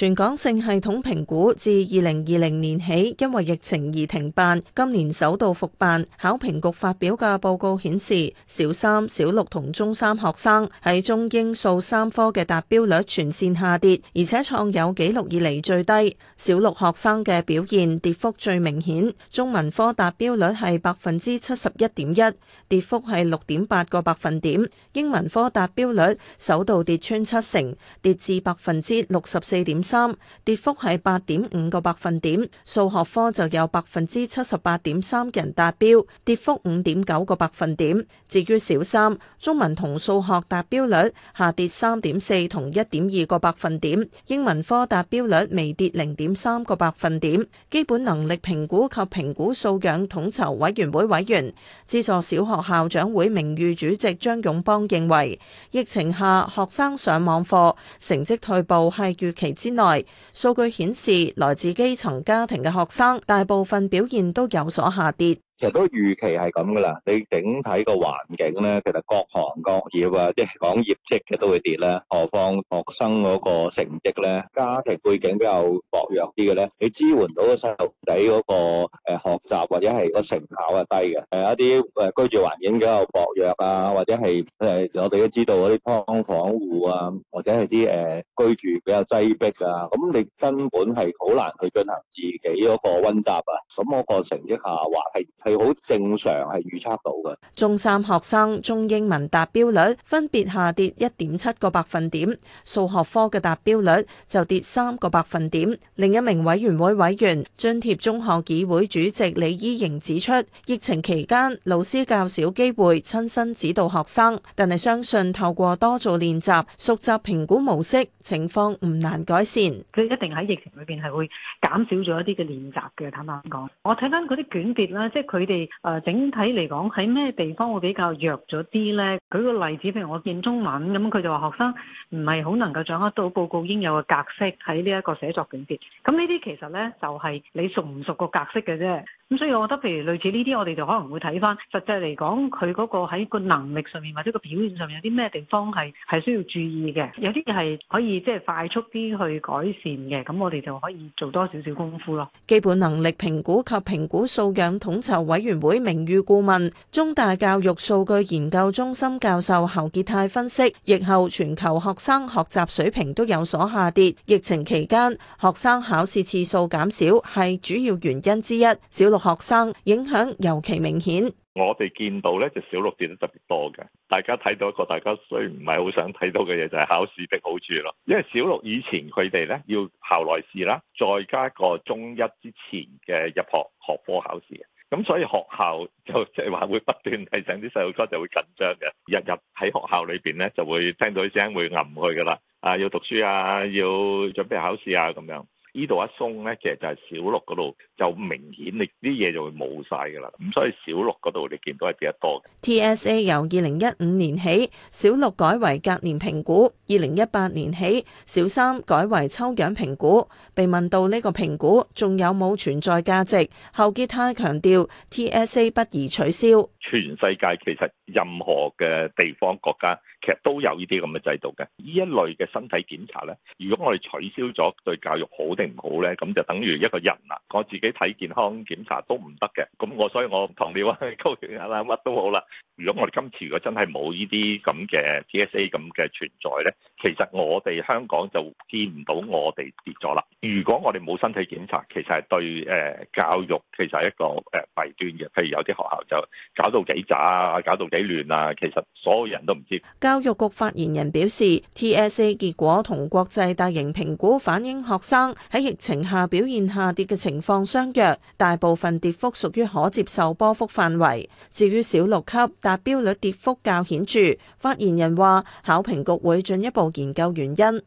全港性系統評估自二零二零年起因為疫情而停辦，今年首度復辦，考評局發表嘅報告顯示，小三、小六同中三學生喺中英數三科嘅達標率全綫下跌，而且創有紀錄以嚟最低。小六學生嘅表現跌幅最明顯，中文科達標率係百分之七十一點一，跌幅係六點八個百分點，英文科達標率首度跌穿七成，跌至百分之六十四點三跌幅係八點五個百分點，數學科就有百分之七十八點三嘅人達標，跌幅五點九個百分點。至於小三中文同數學達標率下跌三點四同一點二個百分點，英文科達標率微跌零點三個百分點。基本能力評估及評估素養統籌委員會委員、資助小學校長會名譽主席張勇邦認為，疫情下學生上網課成績退步係預期之內。內數據顯示，來自基層家庭嘅學生，大部分表現都有所下跌。其實都預期係咁噶啦，你整體個環境咧，其實各行各業啊，即係講業績嘅都會跌啦，何況學生嗰個成績咧，家庭背景比較薄弱啲嘅咧，你支援到個細路。喺嗰個誒學習或者係個成效係低嘅，誒一啲誒居住環境比較薄弱啊，或者係誒我哋都知道嗰啲劏房戶啊，或者係啲誒居住比較擠迫啊，咁你根本係好難去進行自己嗰個溫習啊，咁嗰個成績下滑係係好正常係預測到嘅。中三學生中英文達標率分別下跌一點七個百分點，數學科嘅達標率就跌三個百分點，另一名委員會委員張鐵。中學議會主席李依瑩指出，疫情期間老師較少機會親身指導學生，但係相信透過多做練習、熟習評估模式，情況唔難改善。佢一定喺疫情裏邊係會減少咗一啲嘅練習嘅，坦白講。我睇翻嗰啲卷別啦，即係佢哋誒整體嚟講喺咩地方會比較弱咗啲咧？舉個例子，譬如我見中文咁，佢就話學生唔係好能夠掌握到報告應有嘅格式喺呢一個寫作卷別。咁呢啲其實咧就係你熟唔熟個格式嘅啫，咁所以我覺得，譬如類似呢啲，我哋就可能會睇翻實際嚟講，佢嗰個喺個能力上面或者個表現上面有啲咩地方係係需要注意嘅，有啲嘢係可以即係快速啲去改善嘅，咁我哋就可以做多少少功夫咯。基本能力評估及評估素養統籌委員會名譽顧問、中大教育數據研究中心教授侯傑泰分析，疫後全球學生學習水平都有所下跌，疫情期間學生考試次數減少係主主要原因之一，小六學生影響尤其明顯。我哋見到咧，就小六變得特別多嘅。大家睇到一個大家雖然唔係好想睇到嘅嘢，就係考試的好處咯。因為小六以前佢哋咧要校內試啦，再加一個中一之前嘅入學學科考試，咁所以學校就即係話會不斷提醒啲細路哥就會緊張嘅，日日喺學校裏邊咧就會聽到啲聲，會吟佢噶啦。啊，要讀書啊，要準備考試啊，咁樣。呢度一鬆呢，其實就係小六嗰度就明顯，你啲嘢就會冇晒噶啦。咁所以小六嗰度你見到係比較多。TSA 由二零一五年起，小六改為隔年評估；二零一八年起，小三改為抽樣評估。被問到呢個評估仲有冇存在價值，侯傑泰強調 TSA 不宜取消。全世界其實任何嘅地方國家，其實都有呢啲咁嘅制度嘅。呢一類嘅身體檢查呢，如果我哋取消咗，對教育好定唔好呢？咁就等於一個人啦，我自己睇健康檢查都唔得嘅。咁我所以我唔同你話高血壓啦，乜都好啦。如果我哋今次如果真係冇呢啲咁嘅 TSA 咁嘅存在呢，其實我哋香港就見唔到我哋跌咗啦。如果我哋冇身體檢查，其實係對教育其實係一個誒弊端嘅。譬如有啲學校就搞到。到幾渣搞到幾亂啊！其實所有人都唔知。教育局發言人表示，TSA 結果同國際大型評估反映學生喺疫情下表現下跌嘅情況相若，大部分跌幅屬於可接受波幅範圍。至於小六級達標率跌幅較顯著，發言人話考評局會進一步研究原因。